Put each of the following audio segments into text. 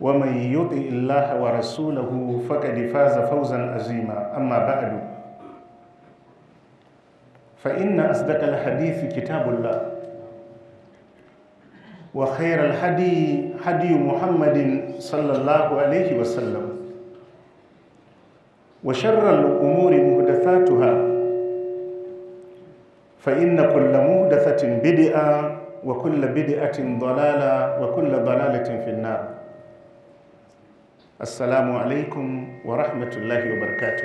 ومن يطع الله ورسوله فقد فاز فوزا عظيما اما بعد فان اصدق الحديث كتاب الله وخير الهدي هدي محمد صلى الله عليه وسلم وشر الامور محدثاتها فان كل محدثه بدعه وكل بدعه ضلاله وكل ضلاله في النار assalamu alaikum wa rahmatullahi wa barkatu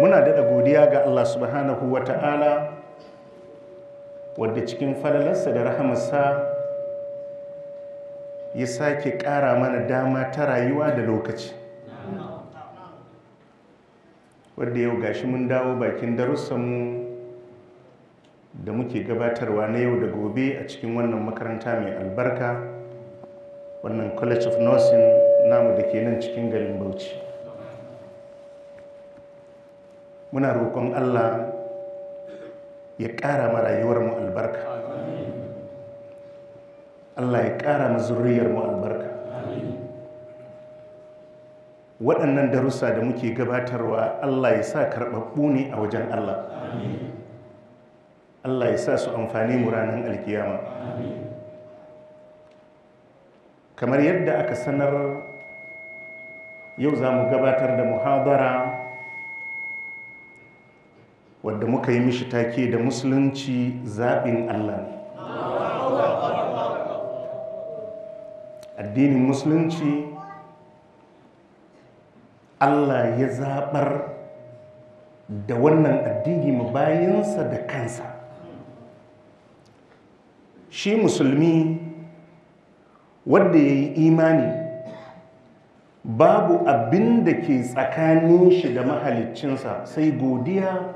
muna daɗa godiya ga Allah subhanahu wa ta'ala wadda cikin falalarsa da rahamarsa ya sake ƙara mana dama ta rayuwa da lokaci wadda yau gashi mun dawo bakin darussanmu da muke gabatarwa na yau da gobe a cikin wannan makaranta mai albarka wannan college of nursing namu da ke nan cikin garin bauchi muna roƙon allah ya ƙara ma mu albarka allah ya ƙara ma mu albarka waɗannan darussa da muke gabatarwa allah ya sa karɓaɓɓu ne a wajen allah Allah ya sa su amfani mu ranar alkiyama kamar yadda aka sanar yau za mu gabatar da muhadara wadda muka yi mishi take da musulunci zaɓin Allah addinin musulunci Allah ya zaɓar da wannan addini mu bayansa da kansa shi musulmi wadda ya yi imani babu abin da ke tsakanin shi da mahaliccinsa sai godiya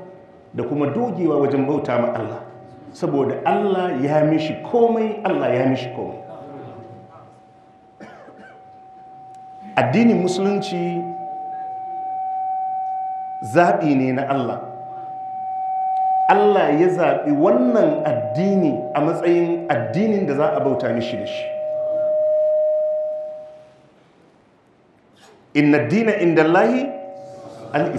da kuma dogewa wajen bauta ma Allah saboda Allah ya mishi komai Allah ya mishi komai addinin musulunci zaɓi ne na Allah Allah ya zaɓi wannan addini a matsayin addinin da za a bauta mishi da shi inna dina inda lahi al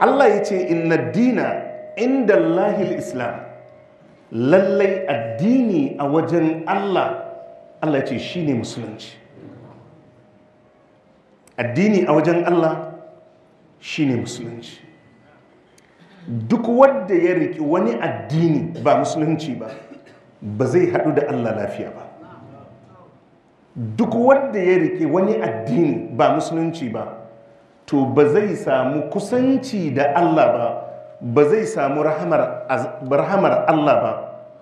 Allah ya ce inna dina inda lahi al-islam lallai addini a wajen Allah Allah ya ce shi ne musulunci addini a wajen Allah shine musulunci duk wadda ya riki wani addini ba musulunci ba ba zai haɗu da Allah lafiya ba duk wadda ya riki wani addini ba musulunci ba to ba zai samu kusanci da Allah ba ba zai samu rahamar Allah ba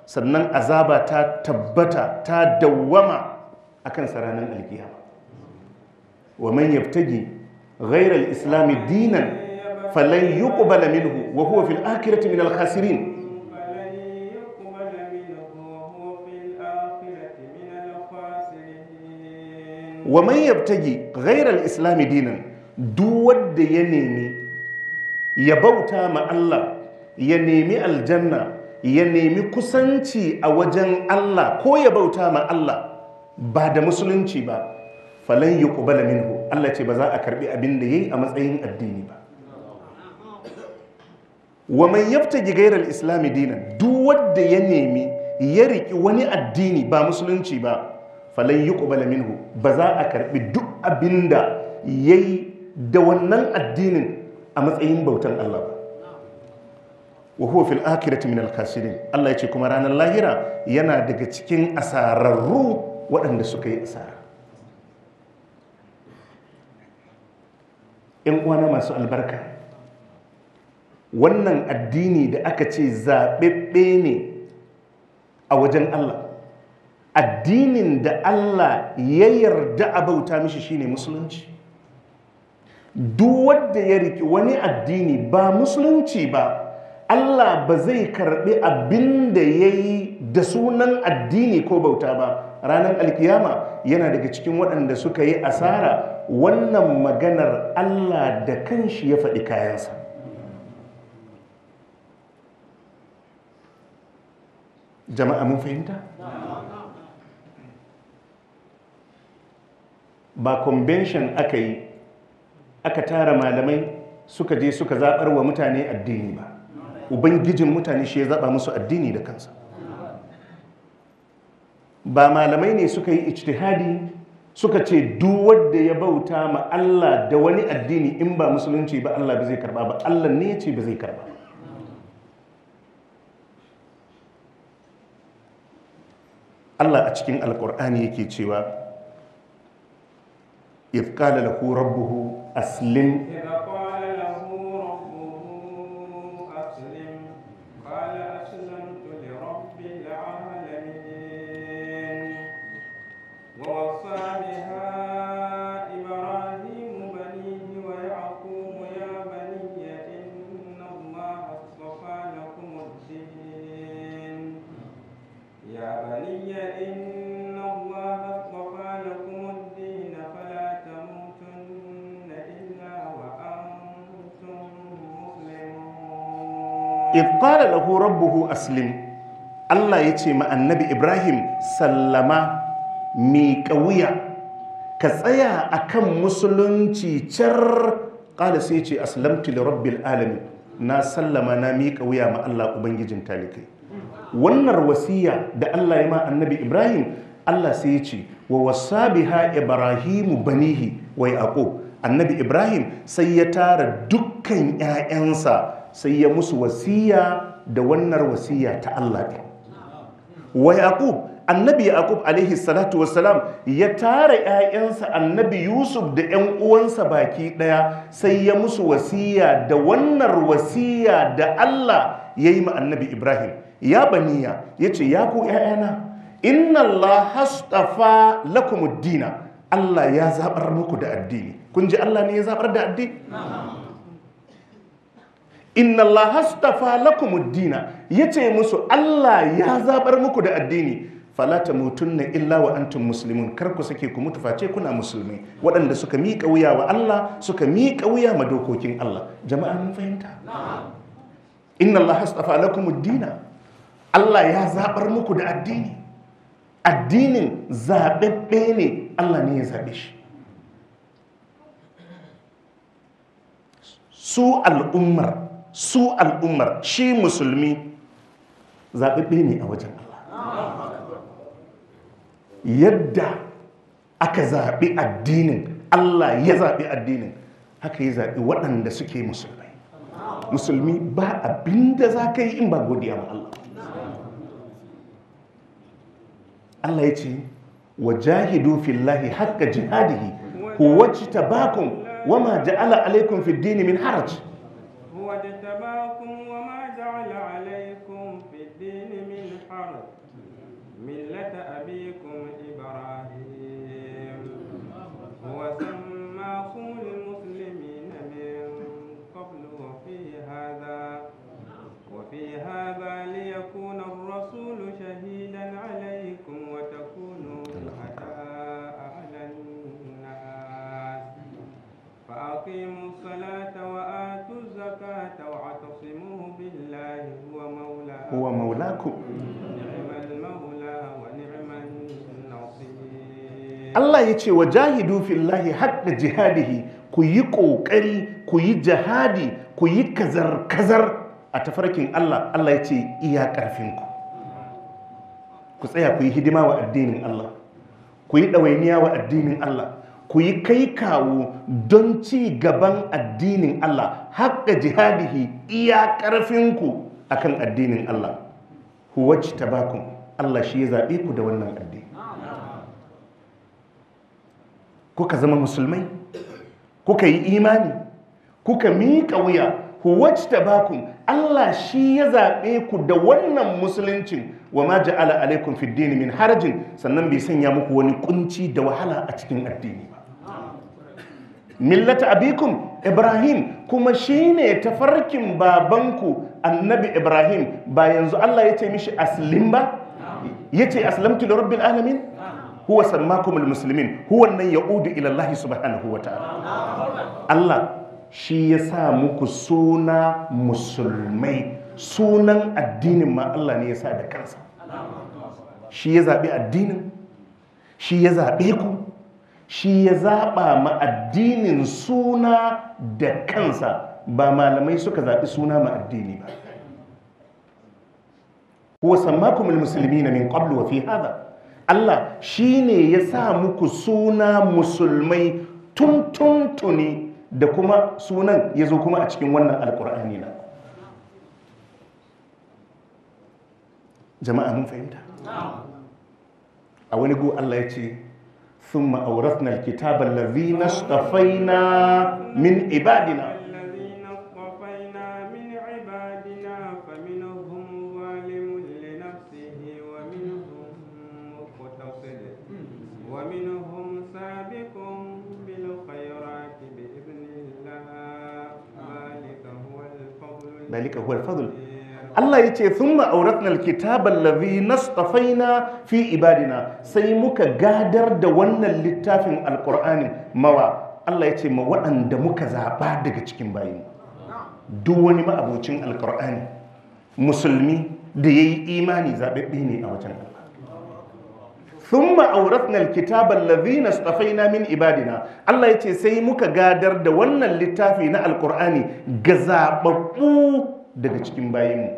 sannan azaba ta tabbata ta dawwama akan sararin alkiyama wa man yabtagi ghayra al-islam dinan falan yuqbala minhu wa huwa fil akhirati min al-khasirin wa man yabtagi ghayra al-islam dinan duk wanda ya nemi ya bauta ma Allah ya nemi aljanna ya nemi kusanci a wajen Allah ko ya bauta ma Allah ba da musulunci ba falan yuqbala minhu Allah ce ba za a karbi abin da yi a matsayin addini ba wa man yabta ghayra al dinan duk wanda ya nemi ya riki wani addini ba musulunci ba falan yuqbala minhu ba za a karbi duk abin da yayi da wannan addinin a matsayin bautan Allah ba wa huwa fil akhirati min al-khasirin Allah ce kuma ranar lahira yana daga cikin asararru waɗanda suka yi asara 'yan uwana masu albarka wannan addini da aka ce zaɓeɓɓe ne a wajen Allah addinin da Allah ya yarda a bauta mishi shine musulunci duk wanda ya riki wani addini ba musulunci ba Allah ba zai karɓi abin da ya yi da sunan addini ko bauta ba ranar alkiyama yana daga cikin waɗanda suka yi asara wannan maganar Allah da kanshi ya faɗi kayansa jama'a mun fahimta? ba convention aka yi aka tara malamai suka je suka zaɓar wa mutane addini ba ubangijin mutane shi ya zaɓa musu addini da kansa ba malamai ne suka yi ijtihadi suka ce duk wanda ya bauta ma Allah da wani addini in ba musulunci ba Allah ba zai karba ba Allah ne ya ce ba zai karba Allah a cikin alkur'ani yake cewa if qala lahu rabbuhu aslim da horar rabbuhu aslim Allah ya ce ma annabi Ibrahim sallama mi wuya ka tsaya akan musulunci car ƙada sai ce aslamtu li alamin na sallama na miƙa wuya ma Allah ubangijin talikai wannan wasiya da Allah ya ma annabi Ibrahim Allah sai ya ce wa wasa ha Ibrahimu banihi wa yaqub annabi Ibrahim sai ya tara dukkan 'ya'yansa sai ya musu wasiya da wannan wasiya ta Allah ne wa yaqub annabi yaqub alaihi salatu wassalam ya tara 'ya'yansa annabi yusuf da ƴan uwansa baki ɗaya. sai ya musu wasiya da wannan wasiya da Allah yayi ma annabi ibrahim ya baniya yace ya ku ƴaƴana inna Allah hastafa lakum dina Allah ya zaɓar muku da addini kun ji Allah ne ya zaɓar da addini inna Allah hastafa lakum dina yace musu Allah ya zabar muku da addini fala tamutunna illa wa antum muslimun kar ku sake ku mutu face kuna musulmi waɗanda suka miƙa wuya wa Allah suka miƙa wuya ma dokokin Allah jama'a fahimta inna Allah hastafa lakum dina Allah ya zabar muku da addini addinin zaɓaɓɓe ne Allah ne ya zaɓe shi su al'ummar su al'ummar shi musulmi zaɓaɓɓe ne a wajen Allah yadda aka zaɓi addinin Allah ya zaɓi addinin haka ya zaɓi waɗanda suke musulmai musulmi ba abinda za ka yi in ba godiya ma Allah Allah ya ce wa jahidu fillahi haqqa jihadihi huwa jitabakum wama ja'ala alaikun fi dini min haraj Allah ya ce wa jahidu fillahi haɗa jihadihi ku yi ƙoƙari ku yi jihadi ku yi kazar-kazar a tafarkin Allah Allah ya ce iya ƙarfinku ku tsaya ku yi hidima wa addinin Allah ku yi ɗawainiya wa addinin Allah ku yi kai kawo don ci gaban addinin Allah haƙa jihadihi iya ƙarfinku a kan addinin Allah huwaci tabakun Allah shi ya zaɓe ku da wannan addini kuka zama musulmai kuka yi imani kuka miƙa wuya ku ta baku Allah shi ya zaɓe ku da wannan musuluncin wa ma ja'ala alaikum fiddini min harajin sannan bai sanya muku wani kunci da wahala a cikin addini ba millata abikum ibrahim kuma shi ta tafarkin babanku annabi ibrahim ba yanzu Allah ya ce mishi aslim ba ya ce aslamtu rabbi'n alamin huwa sammakumul muslimin huwa nan ya'udu ila Allah subhanahu wa ta'ala Allah shi ya sa muku suna musulmai sunan addinin ma Allah ne ya sa da kansa shi ya zaɓi addinin shi ya zaɓe ku shi ya zaɓa ma addinin suna da kansa ba malamai suka zaɓi suna ma addini ba huwa musulmi na min qablu wa fi hadha Allah shi ne ya sa muku suna musulmai tun da kuma sunan ya zo kuma a cikin wannan alkur'ani na jama'a mun fahimta a wani go Allah ya ce sun ma'auratun kitabar lafi na min ibadina zalika huwal fadl Allah ya ce sun ma'auratnal kitaban na nastafaina fi ibadina sai muka gadar da wannan littafin alkur'ani mawa Allah ya ce ma waɗanda muka zaɓa daga cikin bayi duk wani ma'abocin alkur'ani musulmi da ya yi imani zaɓaɓɓe ne a wajen Allah thumma awrathna alkitaba alladhina istafaina min ibadina Allah yace sai muka gadar da wannan littafi na alqur'ani ga zababbu daga cikin bayinmu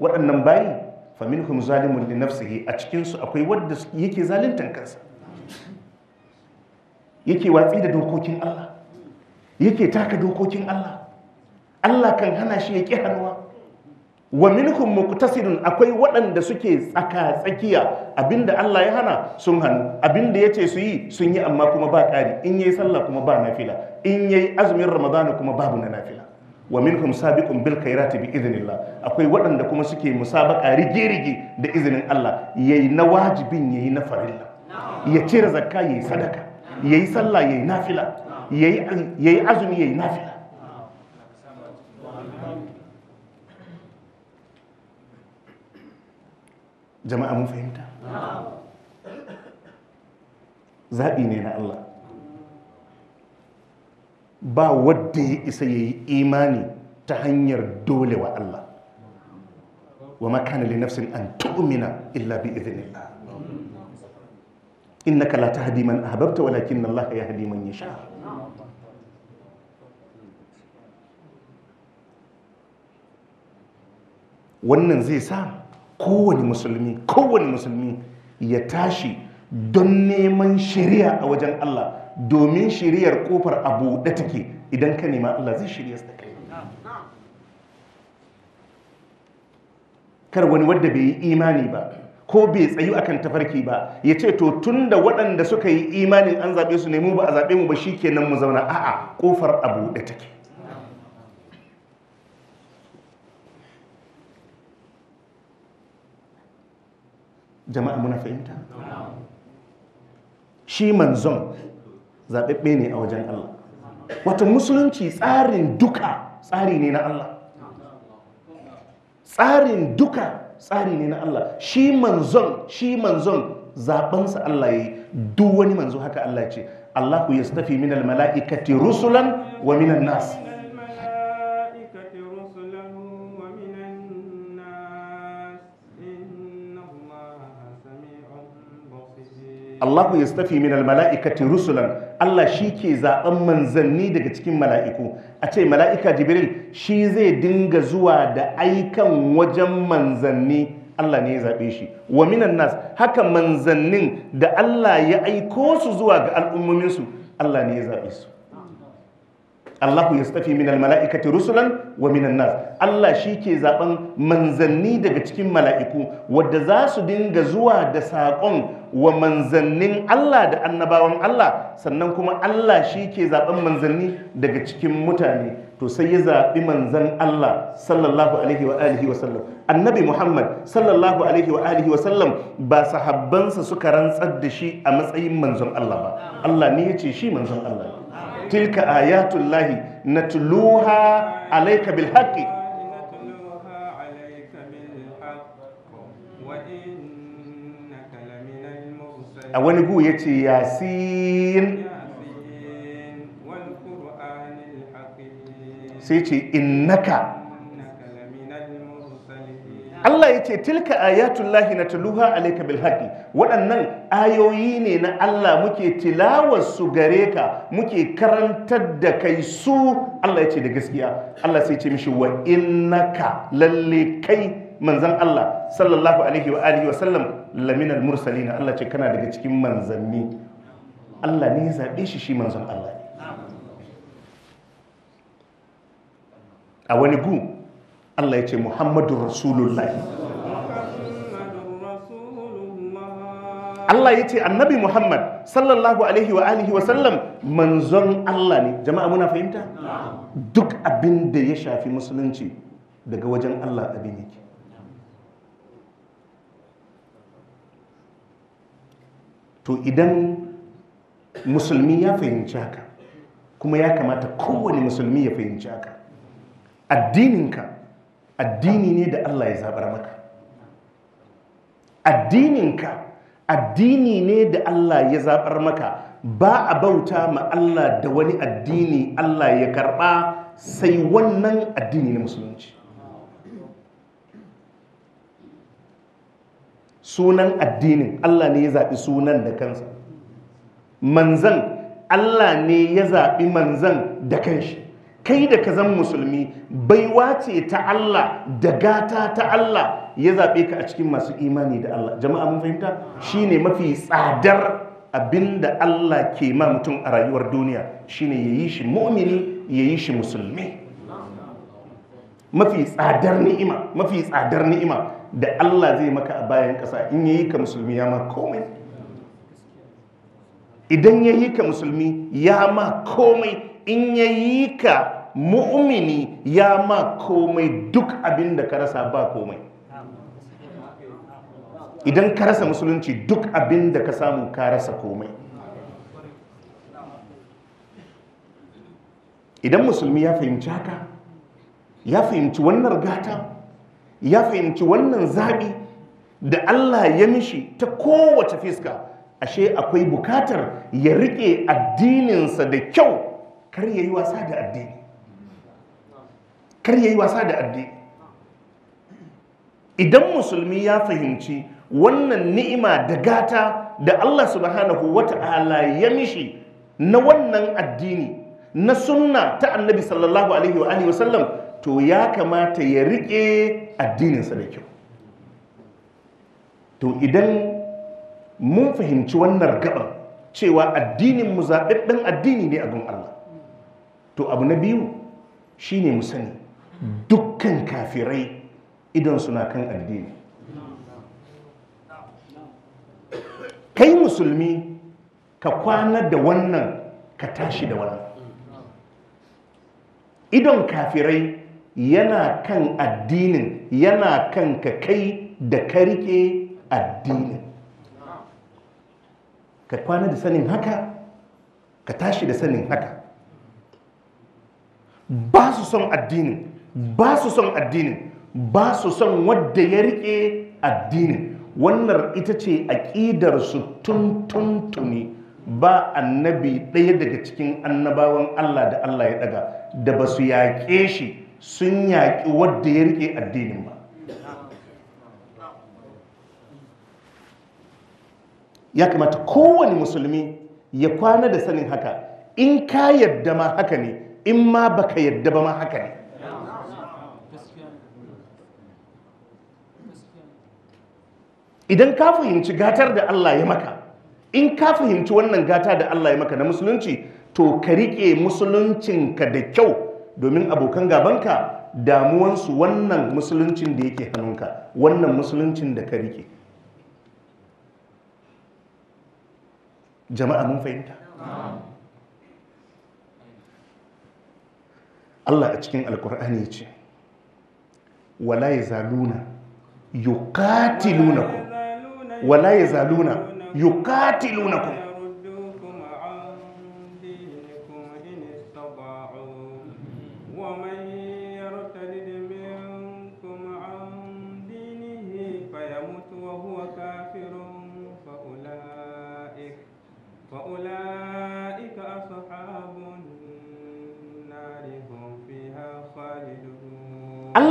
waɗannan bayi faminhum zalimun li nafsihi a cikin su akwai wanda yake zaluntan kansa yake watsi da dokokin Allah yake taka dokokin Allah Allah kan hana shi ya ƙi hannuwa wa minhum muqtasidun akwai waɗanda suke tsaka tsakiya abinda Allah ya hana sun hannu abinda yace su yi sun yi amma kuma ba ƙari in yayi sallah kuma ba nafila in yayi azumin ramadana kuma babu na nafila wa minhum sabiqun bil khairati bi idhnillah akwai waɗanda kuma suke musabaqa rige rige da izinin Allah yayi na wajibin yayi na farilla ya cire zakka yayi sadaka yayi sallah yayi nafila yayi yayi azumi yayi nafila jama'a mun fahimta zaɓi ne na Allah ba wadda ya isa ya yi imani ta hanyar dole wa Allah wa makana li nafsin an tu'mina illa bi idhnillah innaka la tahdi man ahbabta walakin Allah yahdi man yasha wannan zai sa kowane musulmi kowane musulmi ya tashi don neman shari'a a wajen Allah domin shari'ar kofar abu da take idan ka nema Allah zai shirya su da kai kar wani wadda bai yi imani ba ko bai tsayu akan tafarki ba ya ce to tunda waɗanda suka yi imani an zaɓe su nemo ba a zaɓe mu ba shi kenan mu zauna a'a kofar abu da take jama'a muna fahimta shi manzon zaɓaɓɓe ne a wajen Allah wata musulunci tsarin duka tsari ne na Allah tsarin duka tsari ne na Allah shi manzon shi manzon zaɓensa Allah ya yi duk wani manzo haka Allah ce Allah ku yastafi minal mala'ikati rusulan wa minan nas Allahu yastafi min almala'ikati rusulan Allah shi ke zaben manzanni daga cikin mala'iku a ce mala'ika Jibril shi zai dinga zuwa da aikan wajen manzanni Allah ne ya zaɓe shi wa minan nas haka manzannin da Allah ya aiko su zuwa ga al'ummominsu Allah ne ya zaɓe su Allahu yastafi minal mala'ikati rusulan wa minan nas Allah shike zaben manzanni daga cikin mala'iku wadda za su dinga zuwa da saƙon wa manzannin Allah da annabawan Allah sannan kuma Allah shi ke zaben manzanni daga cikin mutane to sai ya zaɓi manzan Allah sallallahu alaihi wa alihi wa sallam annabi Muhammad sallallahu alaihi wa alihi wa sallam ba sahabbansa suka rantsar da shi a matsayin manzon Allah ba Allah ne ya ce shi manzon Allah tilka ayatullahi tuluha alaika bil haƙi a wani gu ya ce yasin sai ce innaka Allah ya ce tilka ayatullahi na tuluha alaika bil haqqi waɗannan ayoyi ne na Allah muke tilawar su gare ka muke karantar da kai su Allah ya ce da gaskiya Allah sai ce mishi wa innaka lalle kai manzan Allah sallallahu alaihi wa alihi wa sallam laminal mursalin Allah ce kana daga cikin manzanni Allah ne ya zabe shi shi manzon Allah a wani gu Allah ya ce Muhammadu Rasulullahi Allah ya ce annabi Muhammad sallallahu alaihi wa alihi wa sallam manzon Allah ne jama'a muna fahimta duk abin da ya shafi musulunci daga wajen Allah abin yake to idan musulmi ya fahimci haka kuma ya kamata kowane musulmi ya fahimci haka addininka addini ne da Allah ya zabar maka addininka addini ne da Allah ya zabar maka ba a bauta ma Allah da wani addini Allah ya karba sai wannan addini na musulunci sunan addinin Allah ne ya zaɓi sunan da kansa manzan Allah ne ya zaɓi manzan da kanshi kai da ka zan musulmi baiwa ce ta Allah da gata ta Allah ya zaɓe ka a cikin masu imani da Allah jama'a mun fahimta shine mafi tsadar abinda Allah ke ma mutum a rayuwar duniya shine yi shi mu'mini yi shi musulmi mafi tsadar ni'ima mafi tsadar ni'ima da Allah zai maka a bayan ƙasa in ya yi ka musulmi ya ma komai idan ya yi ka musulmi ya ma komai in ya yi ka mu'mini ya ma komai duk abin da ka rasa ba komai idan ka rasa musulunci duk abin da ka samu ka rasa komai idan musulmi ya fahimci haka ya fahimci wannan gata ya fahimci wannan zaɓi da Allah ya mishi ta kowace fiska ashe akwai bukatar ya riƙe addininsa da kyau kar ya yi wasa da addini kar ya yi wasa da addini idan musulmi ya fahimci wannan ni'ima da gata da Allah subhanahu wata'ala ya mishi na wannan addini na sunna ta annabi sallallahu alaihi wa alihi wasallam to ya kamata ya rike addininsa da kyau to idan mun fahimci wannan gaban cewa addinin mu zaɓaɓɓen addini ne a gun Allah to abu na biyu shine mu sani dukkan kafirai idan suna kan addini kai musulmi ka kwana da wannan ka tashi da wannan Idan kafirai yana kan addinin yana kan ka kai da ka addinin ka kwana da sanin haka ka tashi da sanin haka ba su son addinin ba su son addinin ba su son wadda ya rike addinin wannan ita ce aƙidarsu su tuntuntuni ba annabi ɗaya daga cikin annabawan Allah da Allah ya ɗaga da ba su yaƙe shi sun yaƙi wadda ya rike addinin ba ya kamata kowane musulmi ya kwana da sanin haka in ka yadda ma haka ne in ma baka yadda ba ma haka ne idan ka fahimci gatar da Allah ya maka in ka fahimci wannan gata da Allah ya maka na musulunci to ka riƙe musuluncinka da kyau domin abokan gabanka damuwansu wannan musuluncin da yake hannunka wannan musuluncin da ka riƙe jama'a mun fahimta Allah a cikin alkur'ani ya ce wala ya zaluna yuqatilunakum wala ya zaluna yuqatilunakum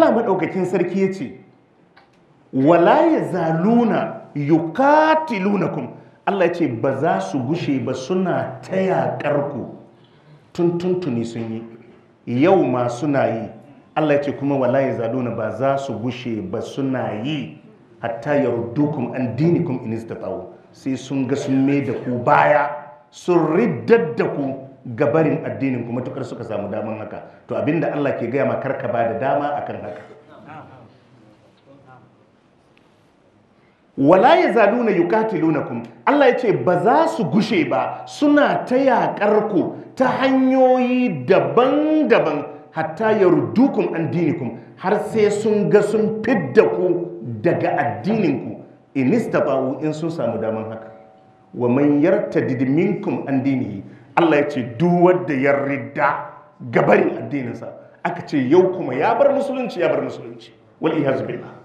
Allah maɗaukakin sarki ya ce wala ya zaluna yukatilunakum Allah ya ce ba za su gushe ba suna ta yaƙar ku tuntuntuni sun yi yau ma suna yi Allah ya ce kuma wala ya zaluna ba za su gushe ba suna yi hatta dukun an dinikun inista istata'u sai sun ga sun mai da ku baya sun riddar da ku gabarin addinin kuma tukar suka samu damar haka to abinda Allah ke gaya ma karka ba da dama akan haka wala ya zaluna yuqatilunakum Allah ya ce ba za su gushe ba suna ta yaƙar ku ta hanyoyi daban-daban hatta yardukum an dinikum har sai sun ga sun fidda ku daga addininku in istata'u in sun samu damar haka wa man yartadid minkum an dinihi Allah ya ce duwar da ya rida gabarin addininsa aka ce yau kuma ya bar musulunci ya bar musulunci wal iyaz billah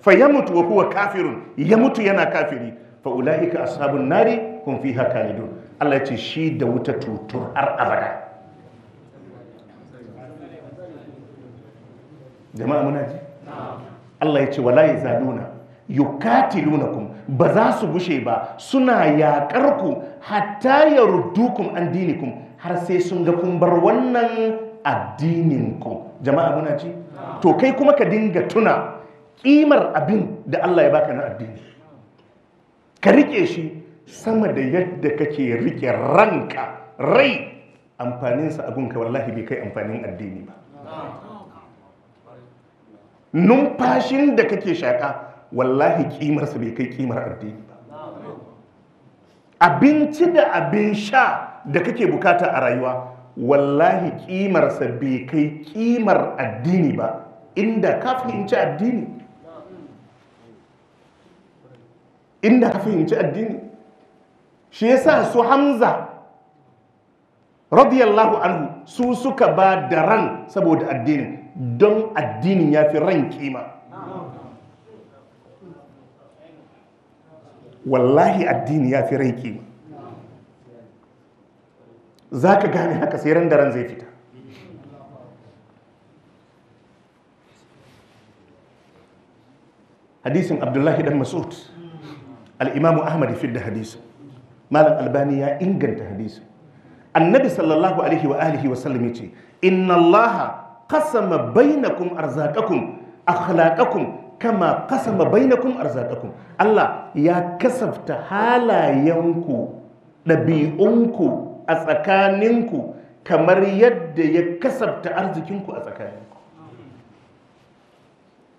fa ya mutu wa kuwa kafirun ya mutu yana kafiri fa ulaika ashabun nari Kun haka ne khalidun Allah ya ce shi da wuta tutur har abada jama'a muna ji Allah ya ce wala yazaluna yukatilunakum ba za su gushe ba suna yakar ku hatta yardukum rudukun dinikum har sai sun ga kumbar wannan addininku jama'a muna ci to kai kuma ka dinga tuna ƙimar abin da Allah ya baka na addini ka rike shi sama da yadda kake rike ranka rai amfaninsa ka wallahi bai kai amfanin addini ba numfashin da kake shaƙa wallahi ƙimarsa bai kai ƙimar addini ba abinci da abin sha da kake bukata a rayuwa wallahi kimarsa bai kai kimar addini ba inda ka fahimci addini inda ka fahimci addini shi sa su hamza radiyallahu anhu su suka ba da ran saboda addinin don addinin ya fi ran kima wallahi addini ya fi rai za ka gane haka sai ran da zai fita hadisin abdullahi dan mas'ud al'imamu ahmad fi da malam albani ya inganta hadisin annabi sallallahu alaihi wa alihi wa sallam ce, inna allaha qasama bainakum arzakakun, akhlaqakum kama kasama bainakum arzaqakum Allah ya kasafta halayenku ɗabi'unku a tsakaninku kamar yadda ya kasafta arzikinku a tsakaninku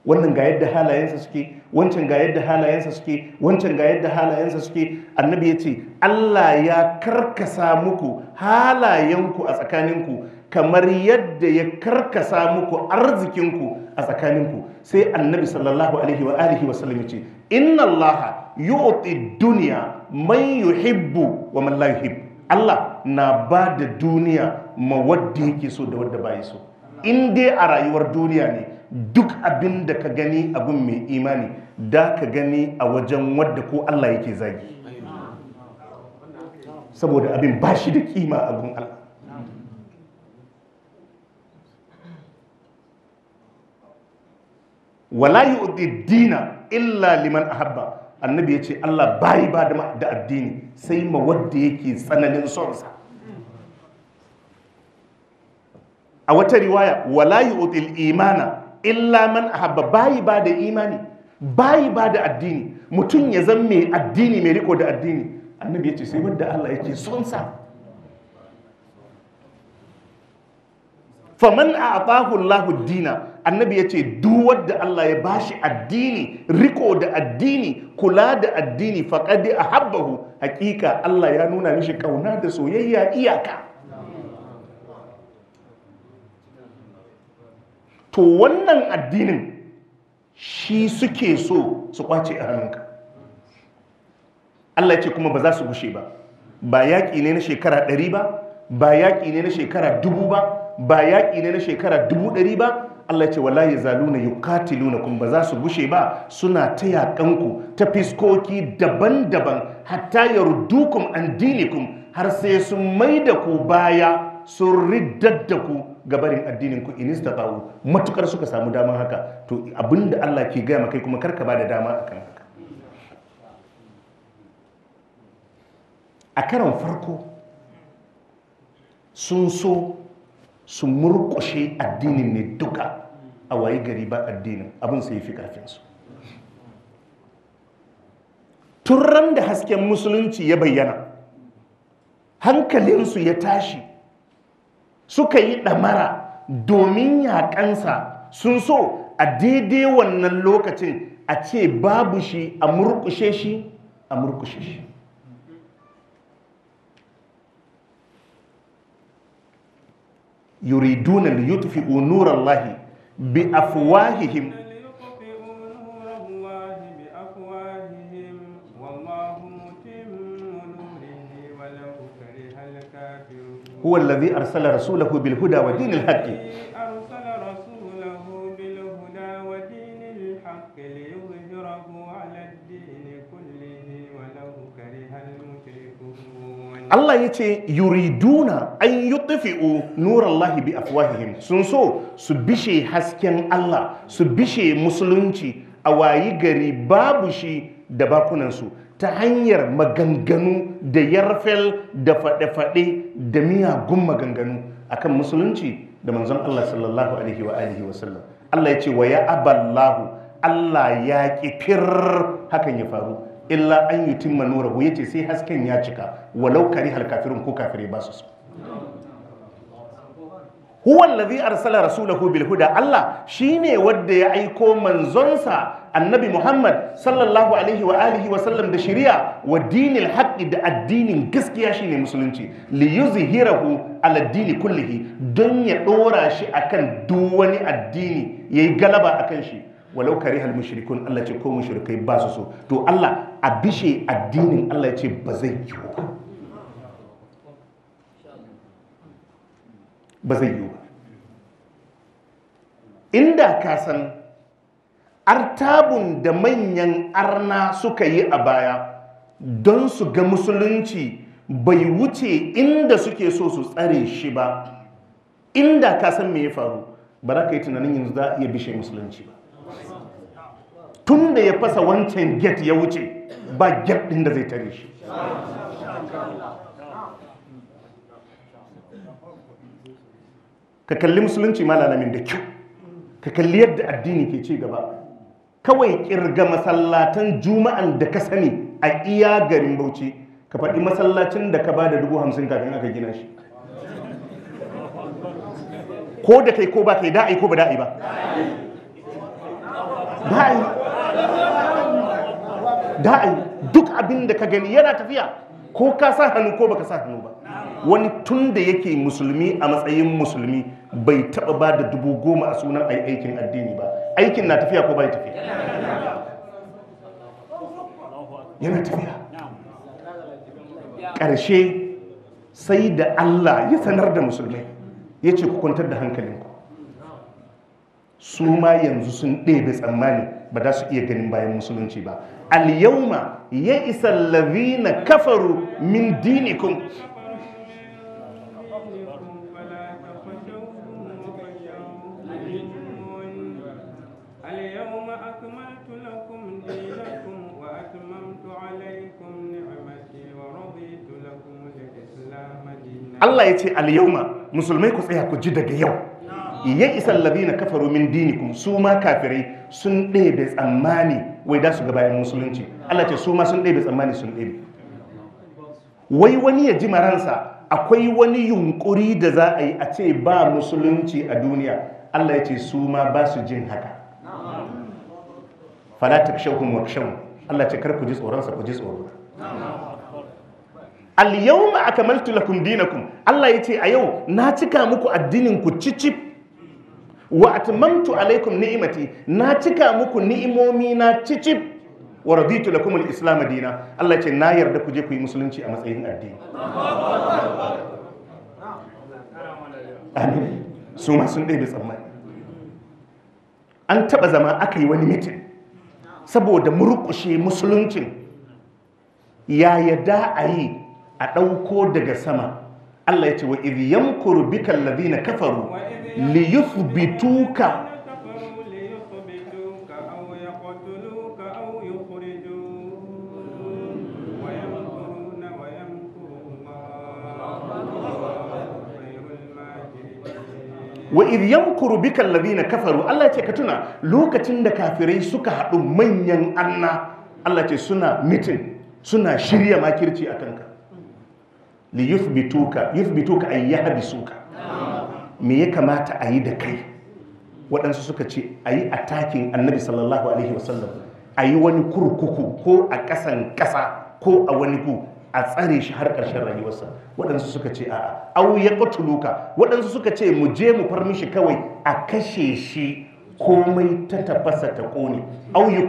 wannan ga yadda halayensa suke wancan ga yadda halayensa suke wancan ga yadda halayensa suke annabi ya ce Allah ya karkasa muku halayenku a tsakaninku kamar yadda ya karkasa muku arzikinku a tsakaninku sai annabi sallallahu alaihi wa alihi wa sallam yace inna allaha yu'ti dunya man yuhibbu wa man la Allah na ba da duniya ma wadda yake so da wadda bai so in dai a rayuwar duniya ne duk abin da ka gani abin mai imani da ka gani a wajen wadda ko Allah yake zagi saboda abin ba da kima abin Allah wala yu'ti dina illa liman ahabba annabi ya ce Allah bayi ba da addini sai ma wadda yake tsananin sonsa a wata riwaya wala yu'til imana illa man ahabba bayi ba da imani bayi ba da addini mutum ya zan mai addini mai riko da addini annabi ya ce sai wadda Allah yake sonsa faman a atahu dina annabi ya ce duwar da Allah ya bashi addini riko da addini kula da addini faƙadi a habbahu hakika Allah ya nuna mishi ƙauna da soyayya iyaka to wannan addinin shi suke so su kwace a hannunka Allah ya ce kuma ba za su gushe ba ba yaƙi ne na shekara ɗari ba ba yaƙi ne na shekara dubu ba ba yaƙi ne na shekara dubu ɗari ba Allah ce wallahi zaluna yuqatiluna kun ba za su gushe ba suna ta yaƙanku ta fiskoki daban-daban hatta yardukum an dinikum har sai sun da ku baya sun riddar da ku gabarin addinin ku in istata'u matukar suka samu daman haka to abinda Allah ke gaya kai kuma karka ba da dama akan haka a karon farko sun so su murƙushe addinin ne duka a wayi gari ba addinin abin sai fi ƙarfinsu turan da hasken musulunci ya bayyana hankalinsu ya tashi suka yi ɗamara domin yaƙansa sun so a daidai wannan lokacin a ce babu shi a murƙushe shi a murƙushe shi yuriduna li yutfi'u nurallahi bi afwahihim huwa alladhi arsala rasulahu bil huda wa dinil Allah ya ce yuriduna an yi nura nurallahi bi afwahihim sun so su bishe hasken Allah su bishe musulunci a wayi gari babu shi da bakunansu ta hanyar maganganu da yarfel da faɗe-faɗe da miyagun maganganu akan musulunci da manzon Allah sallallahu alaihi wa alihi wa sallam Allah ya ce wa ya aballahu Allah ya kifir hakan ya faru illa an yi timma yace sai hasken ya cika walau kari halkafirin ko kafirai ba su so huwa allazi arsala rasulahu bil huda Allah ne wadda ya aiko manzonsa annabi Muhammad sallallahu alaihi wa alihi wa sallam da shari'a wa dinil haqqi da addinin gaskiya shine musulunci li yuzhirahu ala dini kullihi don ya dora shi akan duk wani addini yayi galaba a kan shi walau karihal mushrikun Allah ce ko mushrikai ba su so to Allah a bishe addinin Allah ce ba zai yi ba ba zai yi ba inda ka san artabun da manyan arna suka yi a baya don su ga musulunci bai wuce inda suke so su tsare shi ba inda ka san me ya faru ba za ka yi tunanin yanzu za a iya bishe musulunci ba tun da ya fasa wancan get ya wuce ba get ɗin da zai tare shi ka kalli musulunci lalamin da kyau ka kalli yadda addini ke ci gaba kawai kirga masallatan juma'an da ka sani a iya garin bauchi ka faɗi masallacin da ka ba da dubu hamsin kafin aka gina shi ko da kai ko ba kai da'ai ko ba da'ai ba da'ai da'in duk abin da ka gani yana tafiya ko ka sa hannu ko baka sa hannu ba wani tun da yake musulmi a matsayin musulmi bai taba ba da dubu goma a sunan ai aikin addini ba aikin na tafiya ko bai tafiya yana tafiya ƙarshe sai da Allah ya sanar da musulmi ya ce ku kwantar da hankalinku su ma yanzu sun ɗebe tsammani ba za su iya ganin bayan musulunci ba alyauma ya isa allazina kafaru min dinikum Allah ya ce alyauma musulmai ku tsaya ku ji daga yau ya isa ladina kafaru min kun su ma kafirai sun ɗebe tsammani wai da su ga bayan musulunci Allah ce su ma sun ɗebe tsammani sun ɗebe wai wani ya ji maransa akwai wani yunkuri da za a yi a ce ba musulunci a duniya Allah ya ce su ma ba su jin haka fala takshawhum wakshawhum Allah ce kar ku ji tsoronsa ku ji tsoro al yawma akmaltu lakum dinakum Allah ya ce a yau na cika muku addinin ku cicip wa atmamtu alaikum ni'imati na cika muku ni'imomi na cicib wa raditu lakum alislam islam dina Allah ce na yarda ku je ku yi musulunci a matsayin addini amin su ma sun dai da an taɓa zama aka yi wani meeting saboda murƙushe musuluncin ya yada a yi a ɗauko daga sama Allah ya ce wa idh yamkuru bika alladhina kafaru ليثبتوك wa idh yamkuru bika alladhina kafaru Allah ce ka tuna lokacin da kafirai suka haɗu manyan anna Allah ce suna mitin suna shirya makirci a kanka li yuthbituka yuthbituka ay me ya kamata a yi da kai waɗansu suka ce a yi takin annabi sallallahu alaihi wasallam a yi wani kurkuku ko a ƙasan ƙasa ko a wani ku a tsare shi har ƙarshen rayuwarsa waɗansu suka ce a au ya waɗansu suka ce mu je mu far mishi kawai a kashe shi komai ta tafasa ta ƙone au ya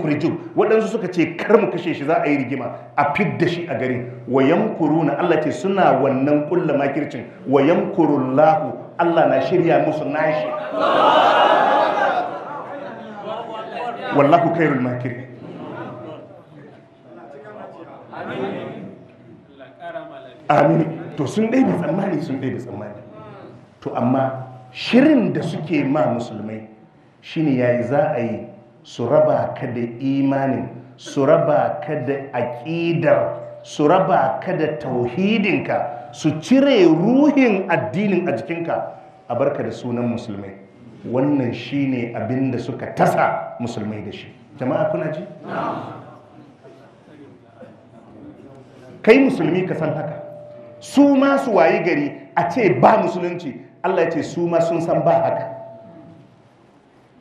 waɗansu suka ce kar mu kashe shi za a yi rigima a fidda shi a gari wayan kuruna Allah ce suna wannan kulla makircin wayan kurullahu Allah na shirya musu nashi wallahu khairul kiri. amin to sun bi tsammani sun bi tsammani to amma shirin da suke ma musulmai shine yayi za a yi su raba ka da imanin su raba ka da aƙidar su raba ka da tauhidinka su cire ruhin addinin a jikinka a barka da sunan musulmai wannan shine abin da suka tasa musulmai da shi jama'a kuna ji kai musulmi ka san haka su ma su wayi gari a ce ba musulunci Allah ya ce su ma sun san ba haka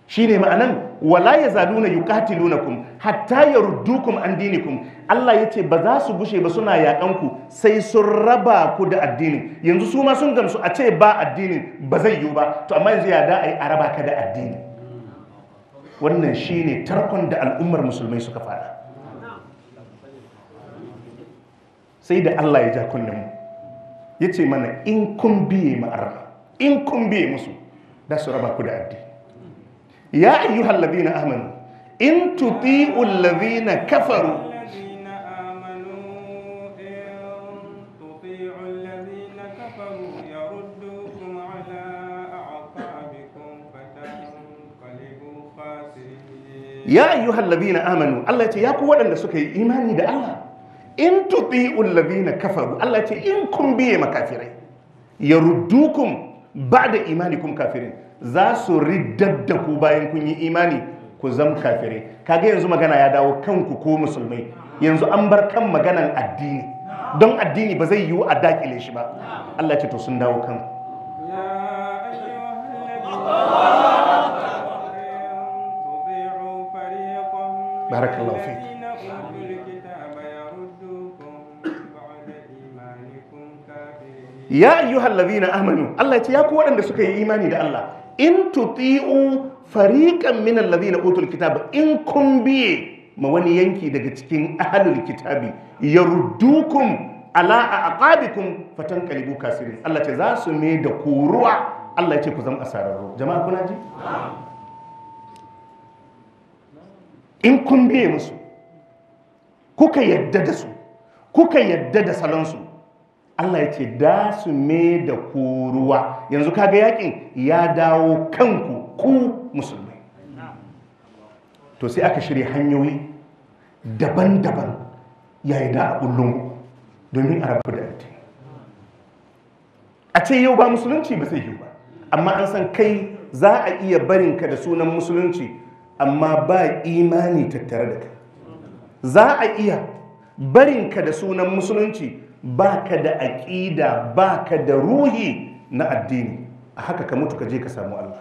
shine ma'anan wala ya na yuqatilunakum hatta yaruddukum an dinikum Allah yace ba za su gushe ba suna yakan ku sai sun raba ku da addinin yanzu su ma sun gamsu a ce ba addinin ba zai yiwu ba to amma yanzu ya da ai a raba ka da addini wannan shine tarkon da al'ummar musulmai suka fara sai da Allah ya ja kullum mu yace mana in kun biye ma'ar in kun biye musu da su raba ku da addini ya ayyuhal ladina amanu in tuti'ul ladina kafaru ya ayyuhal ladina amanu Allah ce ya ku waɗanda suka yi imani da Allah in tuti'ul ladina kafaru Allah ce in kun biye makafirai da imani imanikum kafiri. za su riddar da ku bayan kun yi imani ku zam kafire kaga yanzu magana ya dawo kanku ko musulmai yanzu an bar kan maganan addini don addini ba zai yiwu a dakile shi ba Allah ce to sun dawo kanku barakallahu ya ayyuhal ladina amanu Allah ya ce ya ku waɗanda suka yi imani da Allah in tuti'u fariqan min alladhina utul kitaba in kun biye ma wani yanki daga cikin ahlul kitabi yaruddukum ala aqabikum fatanqalibu kasirin Allah ce za su me da kuruwa Allah ce ku zama asararru jama'a kuna ji in kun biye musu kuka yadda da su kuka yadda da salonsu Allah ya ce da su me da ku ruwa yanzu kaga yakin ya dawo kanku ku musulmai to sai aka shirya hanyoyi daban-daban yayi da a kullum domin a rabu da addini a ce yau ba musulunci ba zai yi ba amma an san kai za a iya barinka da sunan musulunci amma ba imani tattare da kai za a iya barinka da sunan musulunci baka da aƙida baka da ruhi na addini a haka ka mutu ka je ka samu Allah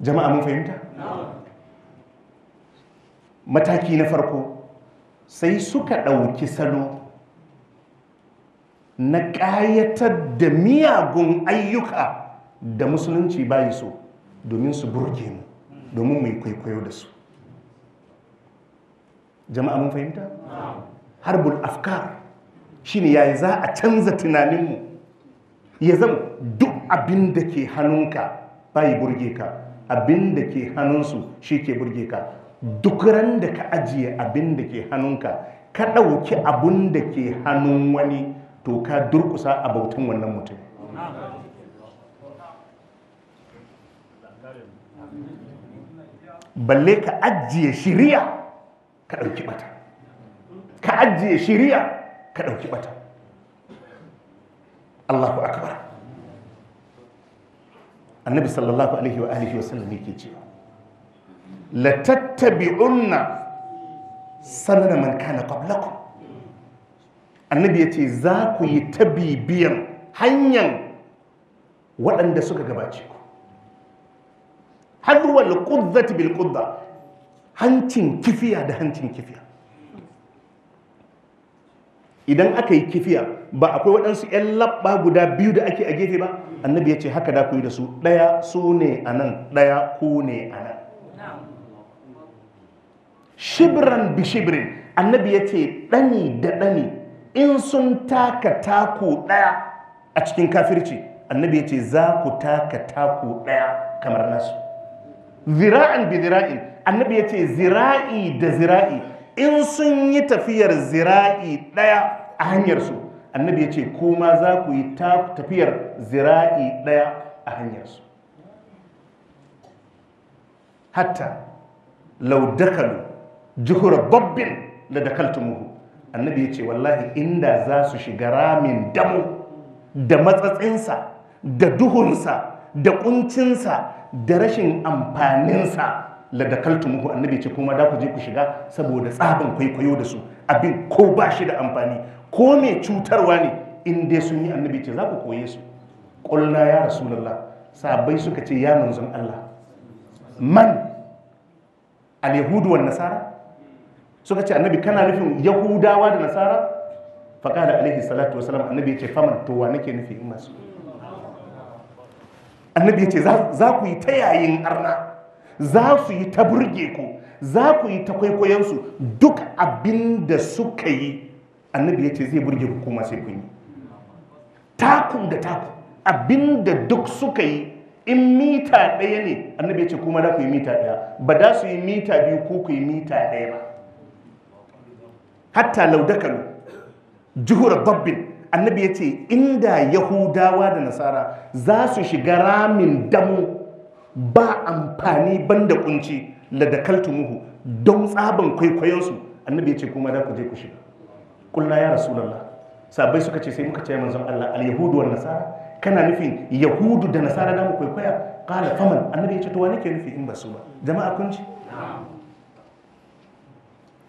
jama'a mun fahimta mataki na farko sai suka ɗauki salo na ƙayatar da miyagun ayyuka da musulunci bayi so domin su burge mu domin mai kwaikwayo da su jama'a mun fahimta harbul afkar shine yayi za a canza tunaninmu ya zama duk abin da ke hannunka bayi burge ka abin da ke hannunsu shi ke burge ka duk ran da ka ajiye abin da ke hannunka ka ɗauki abin da ke hannun wani to ka durkusa a bautan wannan mutum balle ka ajiye shiriya ka ɗauki ɓata ka ajiye shiriya ka ɗauki ɓata Allahu akbar annabi sallallahu alaihi wa alihi wa sallam yake cewa la tattabi'unna sanana man kana qablakum annabi yace za ku yi tabibiyan hanyar waɗanda suka gabace ku hadwal qudzati bil qudda hancin kifiya da hancin kifiya idan aka yi kifiya ba akwai waɗansu 'yan labba guda biyu da ake a gefe ba annabi ya ce haka da ku yi da su ɗaya su ne a nan ɗaya ku ne a nan shibran bishibrin annabi ya ce ɗani da ɗani in sun taka taku ɗaya a cikin kafirci annabi ya ce za ku taka taku ɗaya kamar nasu zira'in bi zira'in annabi ya ce zira'i da zira'i in sun yi tafiyar zira'i ɗaya a hanyarsu annabi ya ce kuma za ku yi tafiyar zira'i ɗaya a hanyarsu hatta laudakalu jihura babbin da dakaltumuhu annabi ya ce wallahi inda za su shiga ramin damu da matsatsinsa da duhunsa da kuncinsa da rashin amfaninsa la dakaltumuhu annabi ce kuma da ku je ku shiga saboda tsaban kwaikwayo da su abin ko ba shi da amfani ko mai cutarwa ne in dai sun yi annabi ce za ku koye su qulna ya rasulullah sabai suka ce ya manzon Allah man al-yahudu nasara suka ce annabi kana nufin yahudawa da nasara da alaihi salatu wasalam annabi ya ce faman to wa nake nufi in masu annabi ya ce za ku yi ta yayin arna za su yi ta burge ku za ku yi ta kwaikwayonsu duk abin da suka yi annabi ya ce zai burge ku kuma sai kun yi taku da taku abin da duk suka yi in mita ɗaya ne annabi ya ce kuma za ku yi mita ɗaya ba za su yi mita biyu ko ku yi mita ɗaya ba hatta laudakalu juhura babbin annabi ya ce inda yahudawa da nasara za su shiga ramin damu ba amfani banda kunci muhu don tsaban kwaikwayonsu annabi ya ce kuma za ku je ku shiga kulla ya rasulallah sabai suka ce sai muka ce manzon Allah al yahudu wan nasara kana nufin yahudu da nasara da mu kwaikwaya qala faman annabi ya ce to wani ke nufi in ba su ba jama'a kun ji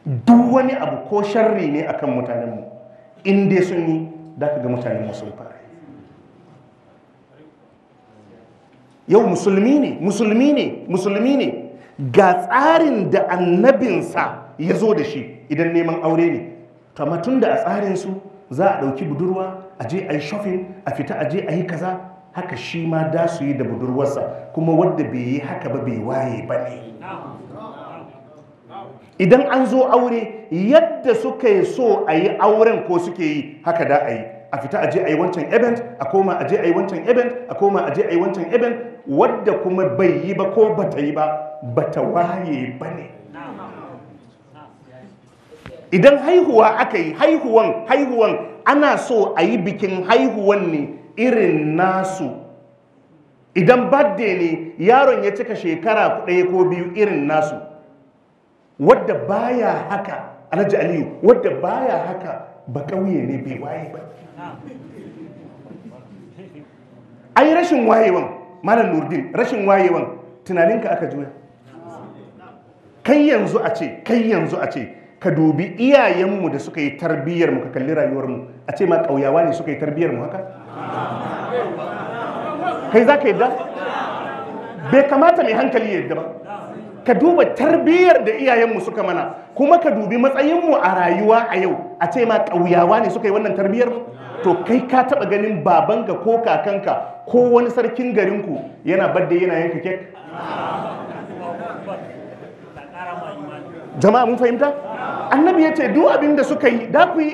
duk wani abu ko sharri ne akan mutanen mu in dai sun yi da ka ga mutanen mu sun fara yau musulmi ne musulmi ne musulmi ne ga tsarin da annabinsa ya zo da shi idan neman aure ne tamatun da a tsarin su za a ɗauki budurwa a je a yi a fita a je a yi kaza haka shi ma da su yi da budurwarsa kuma wadda bai yi haka ba bai waye ba ne idan an zo aure yadda suka yi so a yi auren ko suke yi haka da a yi a fita je a yi wancan event a koma aje a yi wancan event a koma a yi wancan event wadda kuma bai yi ba ko bata yi ba bata waye ba ne idan haihuwa aka yi haihuwan haihuwan ana so a yi bikin haihuwan ne irin nasu idan badde ne yaron ya cika shekara ɗaya ko biyu irin nasu wadda baya haka alhaji aliyu wadda baya haka ba ƙauye ne bai waye ba ai rashin wayewan malam lurdin rashin wayewan tunaninka aka juya kai yanzu a ce kai yanzu a ce ka dubi iyayenmu da suka yi tarbiyyar mu ka kalli rayuwarmu a ce ma ƙauyawa ne suka yi tarbiyyar mu haka kai za ka yadda bai kamata mai hankali yadda ba ka duba tarbiyyar da iyayenmu suka mana kuma ka dubi matsayinmu a rayuwa a yau a ce ma ƙauyawa ne suka yi wannan tarbiyyar mu to kai ka taba ganin babanka ko kakanka ko wani sarkin garinku yana badde yana yanka kek jama'a mun fahimta annabi ya ce duk abin da suka yi da ku yi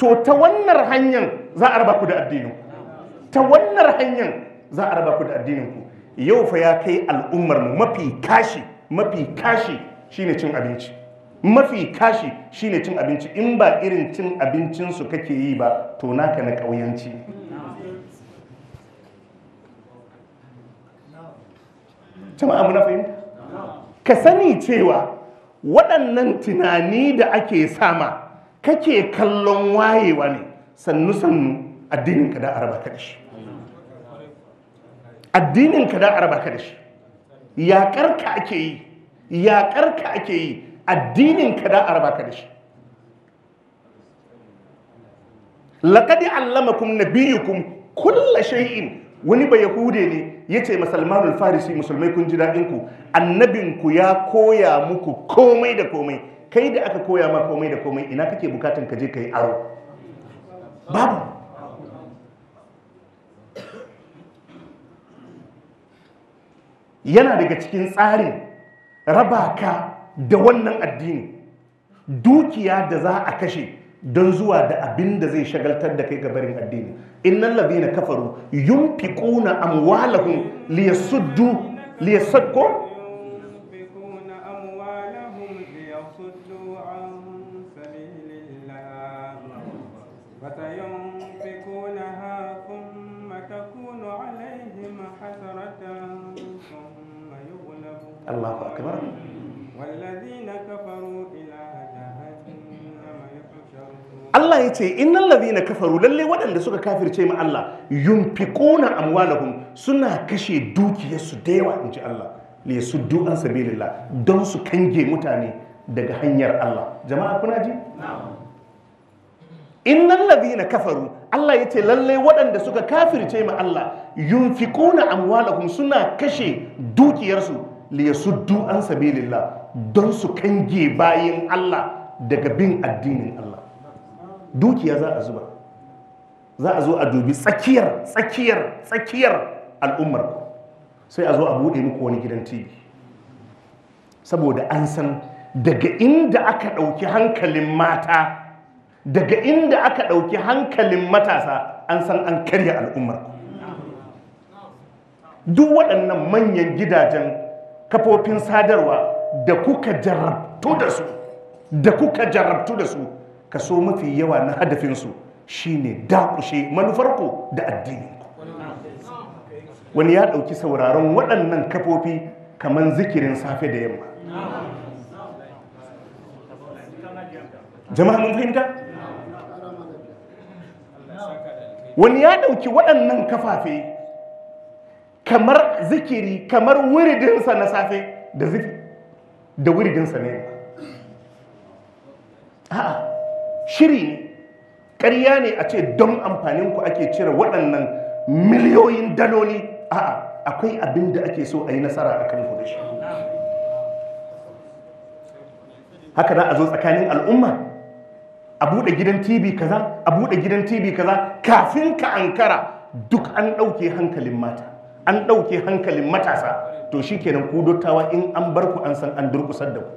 to ta wannan hanyar za a raba ku da addinin ta wannan hanyar za a raba da addinin ku yau fa ya kai al'ummar mu mafi kashi mafi kashi shine cin abinci mafi kashi shine cin abinci in ba irin cin abincinsu kake yi ba to naka na ƙauyanci jama'a muna fahimta ka sani cewa waɗannan tunani da ake sama kake kallon wayewa ne sannu sannu addininka da araba ka da shi addininka da araba ka da shi yaƙarka ake yi yaƙarka ake yi addinin ka da araba ka da shi laqad allamakum nabiyukum kulla shay'in wani ba yahude ne yace musulmanul farisi musulmai kun ji daɗin ku annabin ku ya koya muku komai da komai kai da aka koya ma komai da komai ina kake bukatan ka je ka aro babu yana daga cikin tsarin raba ka da wannan addini dukiya da za a kashe don zuwa da abin da zai shagaltar da kai gabarin barin addini labi na kafaru yunfiquna amwalahum liyasuddu sadko ce innal ladhina kafaru lalle waɗanda suka kafirce ma Allah yunfiquna amwalahum suna kashe dukiyarsu da yawa inji Allah li yasuddu an sabilillah don su kange mutane daga hanyar Allah jama'a kuna ji innal ladhina kafaru Allah yace lalle waɗanda suka kafirce ma Allah yunfiquna amwalahum suna kashe dukiyarsu li yasuddu an sabilillah don su kange bayin Allah daga bin addinin Allah dukiya za a zuba za a zo a dubi tsakiyar tsakiyar tsakiyar al'ummar sai a zo a bude muku wani gidan tv saboda an san daga inda aka ɗauki hankalin mata daga inda aka ɗauki hankalin matasa an san an karya al'ummar duk waɗannan manyan gidajen kafofin sadarwa da kuka jarabtu da su da kuka jarabtu da su kaso mafi yawa na hadafinsu shine dakushe manufarku da addininku wani ya ɗauki sauraron waɗannan kafofi kamar zikirin safe da yamma jama'a mun fahimta wani ya ɗauki waɗannan kafafe kamar zikiri kamar wuridinsa na safe da wuridinsa ne? a'a shiri karya ne a ce don amfaninku ake cire waɗannan miliyoyin daloli a akwai abin da ake so a yi nasara a kan ku da shi haka za a zo tsakanin al'umma a buɗe gidan tv kaza a buɗe gidan tv kaza kafin ka ankara duk an ɗauke hankalin mata an ɗauke hankalin matasa to shi kenan ku dottawa in an bar ku an san an durkusar da ku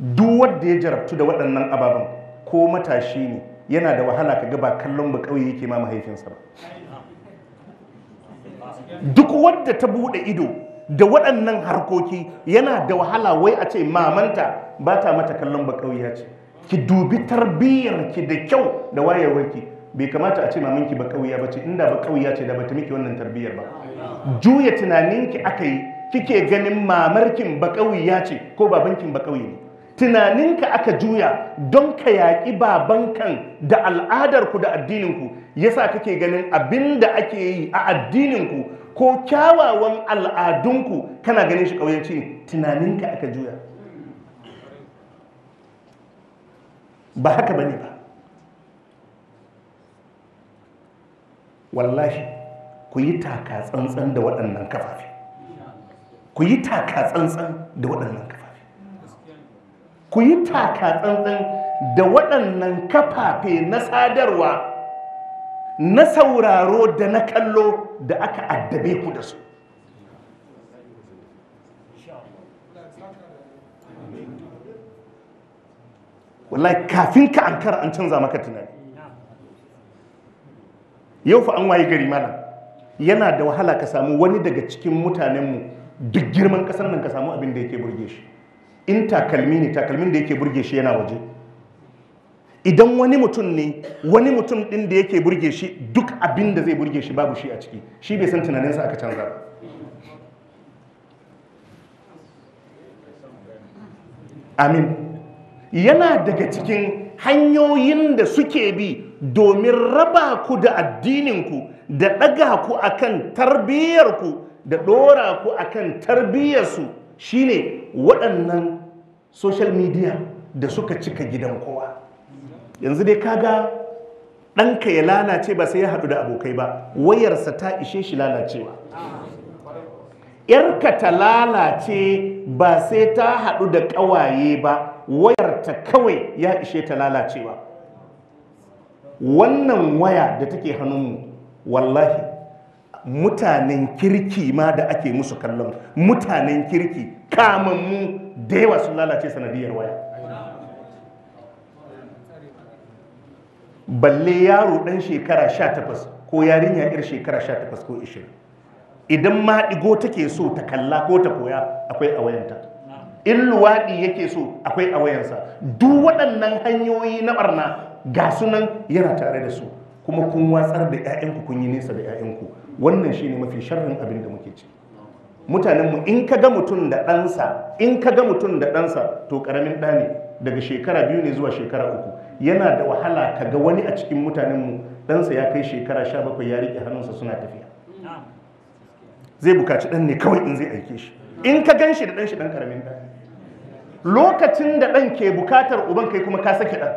duk wanda ya jarabtu da waɗannan ababen ko matashi ne yana da wahala ka ga ba kallon ba kauye yake ma mahaifinsa ba duk wadda ta buɗe ido da waɗannan harkoki yana da wahala wai a ce mamanta ba ta mata kallon ba ce ki dubi tarbiyyar ki da kyau da wayewar ki bai kamata a ce mamanki ba kauya ba ce inda ba kauya ce da bata miki wannan tarbiyyar ba juya tunaninki aka yi kike ganin mamarkin ba ce ko babankin ba ne tunaninka aka juya don ka yaƙi babankan da al'adarku da addininku ya sa kake ganin abin da ake yi a addininku ko kyawawan al'adunku kana ganin shi ƙauyenci tunaninka aka juya ba haka ba ne ba wallahi ku yi taka tsantsan da waɗannan kafafi. ku yi taka tsantsan da waɗannan ku yi taka da waɗannan kafafe na sadarwa na sauraro da na kallo da aka addabe ku da su wallahi kafin ka ankar an canza maka tunani yau fa an waye gari mana yana da wahala ka samu wani daga cikin mutanenmu duk girman kasar nan ka samu abin da yake burge shi in takalmi ne takalmin da yake burge shi yana waje idan wani mutum ne wani mutum din da yake burge shi duk abin da zai burge shi babu shi a ciki shi bai san tunaninsa aka canza amin yana daga cikin hanyoyin da suke bi domin raba ku da addininku da ɗaga ku akan tarbiyyarku da ɗora ku akan tarbiyyarsu shine waɗannan social media da suka cika gidan kowa yanzu dai kaga ɗanka ya lalace ba sai ya haɗu da abokai ba wayarsa ta ishe shi lalacewa yarka ta lalace ba sai ta haɗu da ƙawaye ba wayarta kawai ya ishe ta lalacewa wannan waya da take hannunmu wallahi mutanen kirki ma da ake musu kallon mutanen kirki kamammu da yawa sun lalace sanadiyar waya balle yaro dan shekara 18 ko yarinya yar shekara 18 ko 20 idan ma ɗigo take so ta kalla ko ta koya akwai a wayanta in luwaɗi yake so akwai a wayansa duk waɗannan hanyoyi na ɓarna ga sunan yana tare da su kuma kun watsar da 'ya'yanku kun yi nesa da 'ya'yanku wannan shi ne mafi sharrin abin da muke ci. mutanenmu in ka ga mutum da ɗansa in ka ga mutum da ɗansa to ƙaramin ɗa ne daga shekara biyu ne zuwa shekara uku yana da wahala ka ga wani a cikin mutanenmu ɗansa ya kai shekara sha bakwai ya riƙe hannunsa suna tafiya zai bukaci ɗan ne kawai in zai aike shi in ka gan shi da ɗan shi ɗan ƙaramin ɗa lokacin da ɗan ke bukatar uban kai kuma ka sake ɗan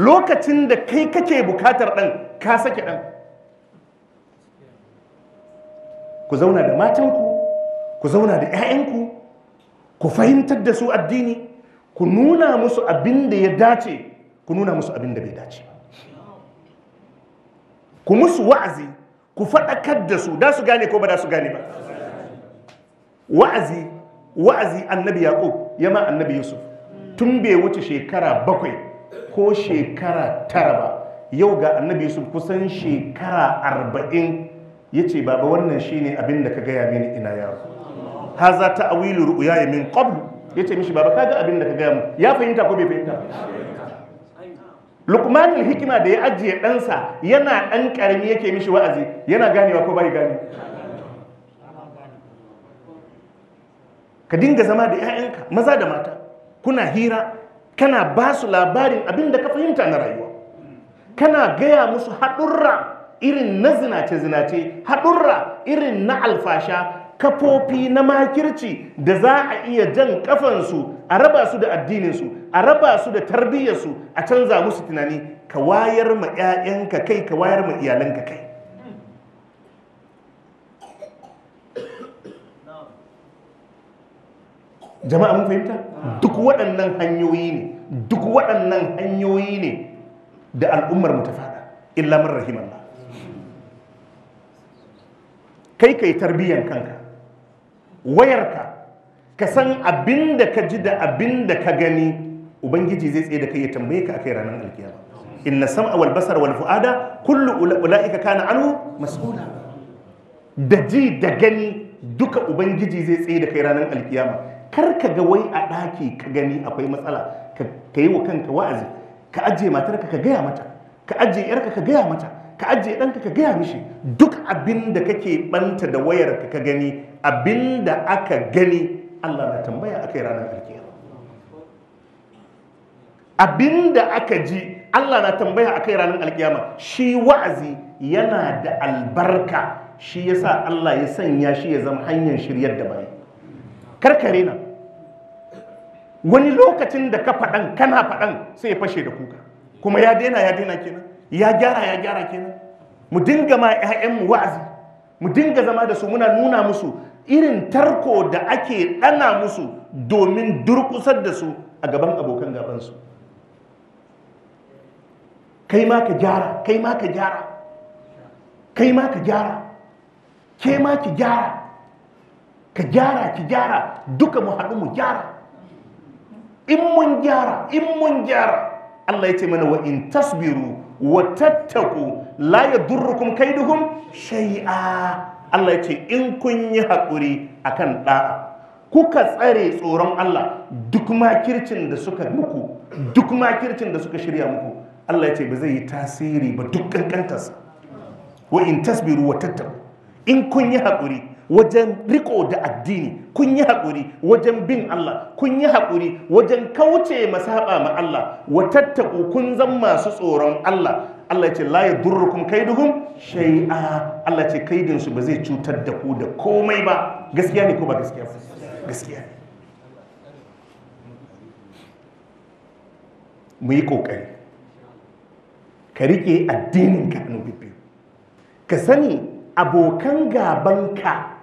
lokacin da kai kake bukatar ɗan ka sake ɗan ku zauna da matanku ku zauna da 'ya'yanku ku fahimtar da su addini ku nuna musu abin da ya dace ku nuna musu abin da bai dace ku musu wa'azi ku faɗakar da su da su gane ko ba da su gane ba wa'azi wa'azi annabi Yaƙo, ya ma annabi yusuf tun bai wuce shekara bakwai ko shekara tara ba yau ga annabi yusuf kusan shekara arba'in ya ce baba wannan shine abin da ka gaya mini ina yaro Ha za ta awilu ya min qablu ya ce mishi baba kaga abin da ka gaya mu ya fahimta ko bai fahimta lukmanin hikima da ya ajiye ɗansa yana ɗan ƙarami yake mishi wa'azi yana ganewa ko bai gane ka dinga zama da 'ya'yanka maza da mata kuna hira kana ba su labarin abin da ka fahimta na rayuwa kana gaya musu haɗurra irin na zinace-zinace haɗurra irin na alfasha kafofi na makirci da za a iya jan kafansu a raba su da addininsu a raba su da tarbiyyarsu a canza musu tunani ka wayar ma 'ya'yanka kai ka wayar ma iyalanka kai jama'a mun fahimta duk waɗannan hanyoyi ne duk waɗannan hanyoyi ne da al'ummar mu ta fada illa man rahimallah kai kai tarbiyan kanka wayarka ka san abin da ka ji da abin da ka gani ubangiji zai tsaye da kai ya tambaye ka akai ranar alkiyama inna sam'a wal basar wal fu'ada kullu ulaika kana anhu mas'ula da ji da gani duka ubangiji zai tsaye da kai ranar alkiyama kar ka ga wai a ɗaki ka gani akwai matsala ka yi wa kanka wa'azi ka ajiye matarka ka gaya mata ka ajiye yarka ka gaya mata ka ajiye ɗanka ka gaya mishi duk abin da kake ɓanta da wayarka ka gani abin da aka gani Allah na tambaya a kai ranar alkiyar abin da aka ji Allah na tambaya a kai ranar alkiyama shi wa'azi yana da albarka shi yasa Allah ya sanya shi ya zama hanyar shiryar da bayi karkare na wani lokacin da ka faɗan kana faɗan sai ya fashe da kuka kuma ya daina ya daina kenan ya gyara ya gyara kenan mu dinga ma 'ya'yanmu wa'azi mu dinga zama da su muna nuna musu irin tarko da ake ɗana musu domin durƙusar da su a gaban abokan gabansu kai ma ka gyara kai ma ka gyara kai ma ka gyara ke ma ki gyara ka gyara ki gyara duka mu haɗu mu gyara in mun gyara in mun gyara Allah ya ce mana wa in tasbiru wa tattaku la yadurrukum kaiduhum shay'a Allah ya ce in kun yi haƙuri akan ɗa'a kuka tsare tsoron Allah duk makircin da suka muku duk makircin da suka shirya muku Allah ya ce ba zai yi tasiri ba duk kankantarsa wa in tasbiru wa tattaku in kun yi haƙuri wajen riko da addini kun yi haƙuri wajen bin Allah kun yi haƙuri wajen kauce masaɓa ma Allah wa tattaku kun zan masu tsoron Allah Allah ce la yadurrukum kaiduhum shay'a Allah ce kaidin su ba zai cutar da ku da komai ba gaskiya ne ko ba gaskiya ba gaskiya mu yi kokari ka rike addinin ka ka sani abokan gabanka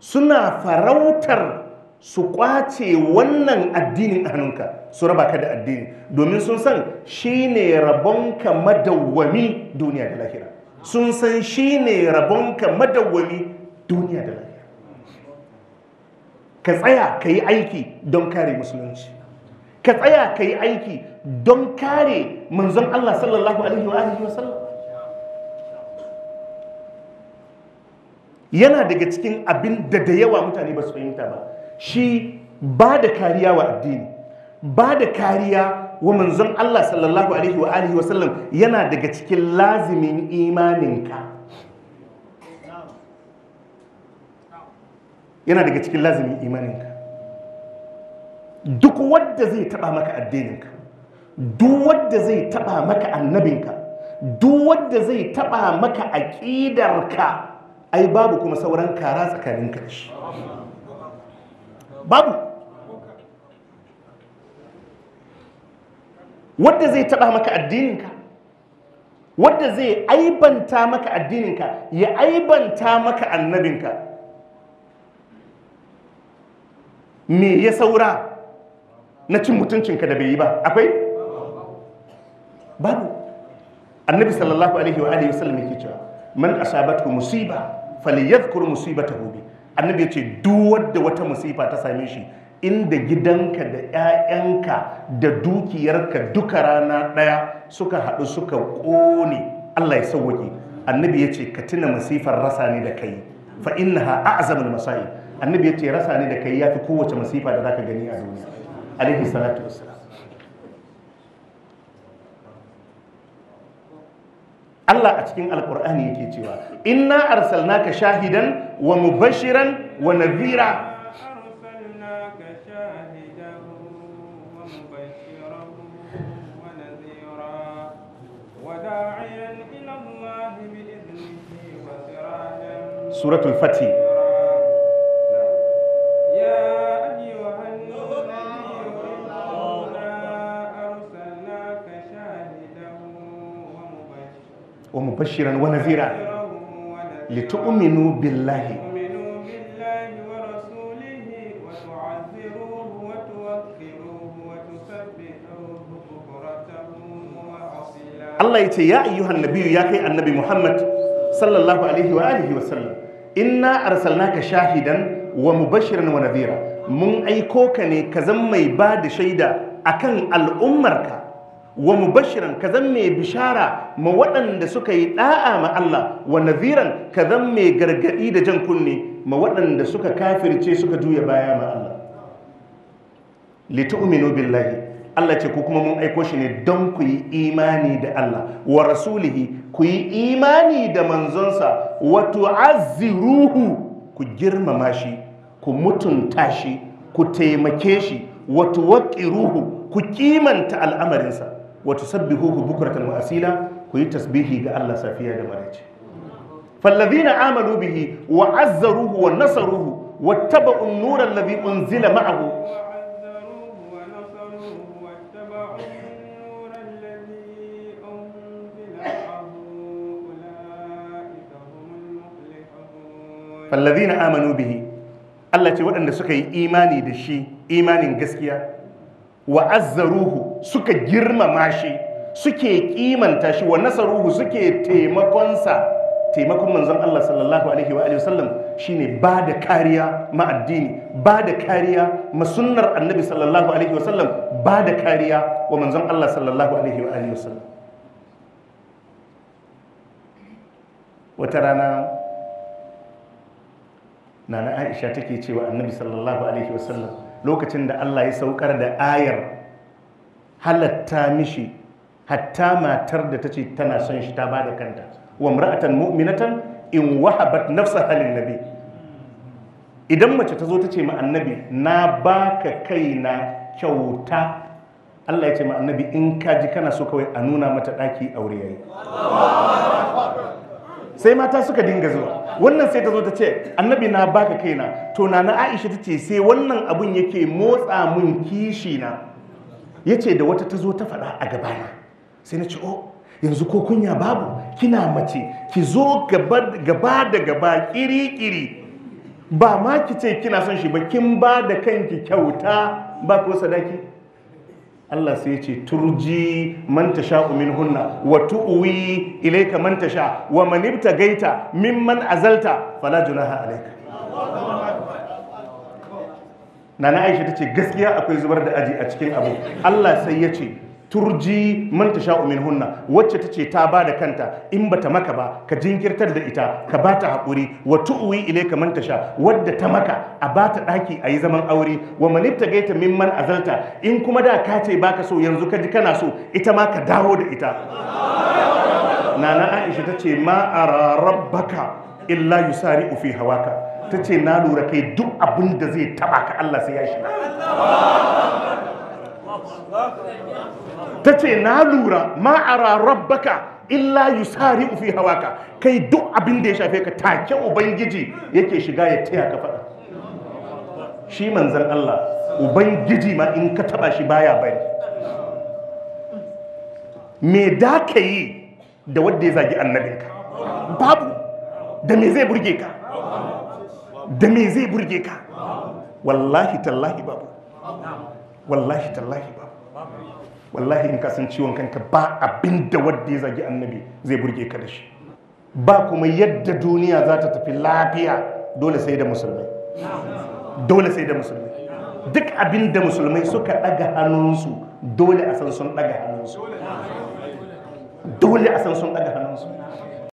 suna farautar su kwace wannan addinin a hannunka su raba ka da addini domin sun san shi ne rabonka madawwami duniya da lahira sun san shi ne rabonka madawwami duniya da lahira ka tsaya ka yi aiki don kare musulunci ka tsaya ka yi aiki don kare manzon Allah sallallahu alaihi wa sallam yana daga cikin abin da da yawa mutane ba su fahimta ba shi ba da kariya wa addini ba da kariya wa manzon Allah sallallahu alaihi wa alihi wasallam yana daga cikin lazimin imaninka yana daga cikin lazimin imaninka duk wadda zai taba maka addininka duk wadda zai taba maka annabinka duk wadda zai taba maka aƙidarka ai babu kuma sauran kara tsakanin kashi babu wadda zai taba maka addininka wadda zai aibanta maka addininka ya aibanta maka annabinka me ya saura na cin mutuncinka da bai yi ba akwai babu annabi sallallahu alaihi wa alaihi wasallam yake cewa man asabatu musiba falyadhkur ta hobi annabi ya ce duk da wata musifa ta same shi inda gidanka da 'ya'yanka da dukiyarka duka rana ɗaya suka haɗu suka ƙone Allah ya sauwake annabi ya ce ka tuna masifar rasa ne da kai fa a azamin masa'i annabi ya ce rasa ne da kai ya fi kowace masifa da za ka gani a duniya alaihi salatu Allah a cikin alkur'ani yake cewa inna arsalnaka shahidan wa mubashiran wa nadhira suratul fatih ومبشرا ونذيرا لتؤمنوا بالله Allah ya ce ya ayyuhan nabiyu ya kai annabi Muhammad sallallahu alaihi wa alihi wa sallam inna arsalnaka shahidan wa mubashiran wa nadhira mun aiko ka ne ka zan mai ba da shaida kan al'ummarka wa mubashiran ka zan mai bishara ma waɗanda suka yi ɗa'a ma Allah wa naziran ka zan mai gargaɗi da jan kunne ma waɗanda suka kafirce suka juya baya ma Allah Litu litu'minu billahi Allah ce ku kuma mun aiko shi ne don ku yi imani da Allah wa rasulihi ku yi imani da manzonsa wa tu'azziruhu ku girmama shi ku mutunta shi ku taimake shi wa ruhu, ku kimanta al'amarinsa wata sabbi bukratan wa wasila ku yi tasbihi ga Allah safiya da maraice na amanu bihi wa azzaruhu wa nasaruhu wa taba nura alladhi unzila ma'ahu na amanu bihi Allah ce waɗanda suka yi imani da shi imanin gaskiya wa suka girmama shi suke kimanta shi wa nasaruhu suke taimakonsa taimakon manzon Allah sallallahu alaihi wa alihi wasallam shine ba da kariya ma addini ba da kariya ma sunnar annabi sallallahu alaihi wasallam ba da kariya wa manzon Allah sallallahu alaihi wa alihi wasallam wata rana nana Aisha take cewa annabi sallallahu alaihi wasallam lokacin da Allah ya saukar da ayar halatta mishi hatta matar da ta ce tana son shi ta ba da kanta wa mra'atan mu'minatan in wahabat nafsa halin nabi idan mace ta zo ta ce ma annabi na baka kaina kyauta Allah ya ce ma annabi in ka ji kana so kawai a nuna mata daki aure yayi sai mata suka dinga zuwa wannan sai ta zo ta ce annabi na baka kaina to na na aisha ta ce sai wannan abun yake motsa mun kishi na ya ce da wata ta zo ta faɗa a gabana sai na ce oh yanzu ko kunya babu kina mace ki zo gaba da gaba kiri-kiri ba ma ki ce kina son shi ba kin ba da kanki kyauta ba ko sadaki Allah sai ya ce turji man umin hunna, wa tu'wi ilayka man sha wa man gaita mimman azalta fala junaha alaika, Nana Aisha tace gaskiya akwai zubar da aji a cikin abu Allah sai ya ce turji man umin hunna wacce tace ta ba da kanta in ba ta maka ba ka jinkirtar da ita ka bata haƙuri wa tu'uwi ile ka man sha wadda ta maka a bata a yi zaman aure wa man gaita mimman azalta in kuma da ka ce baka so yanzu ka ji kana so ita ma ka dawo da ita nana Aisha tace ma a rarrabaka illa yusari'u ufi hawaka tace na lura kai duk abin da zai taba ka Allah sai ya shiga ta ce na lura ma'ara rabbaka illa ufi fi ka, kai duk abin da ya shafe ka take ubangiji yake shiga ya taya ka faɗa shi manzan Allah ubangiji ma in ka taba shi baya bari me da ka yi da wadda ya zagi annabinka babu da me zai burge ka da me zai burge ka wallahi tallahi babu wallahi tallahi ba wallahi in san ciwon kanka ba abin da wadda ya zagi annabi zai burge ka da shi ba kuma yadda duniya za ta tafi lafiya dole sai da musulmi dole sai da musulmi duk abin da musulmai suka ɗaga hannunsu dole a san sun ɗaga hannunsu dole a san sun ɗaga hannunsu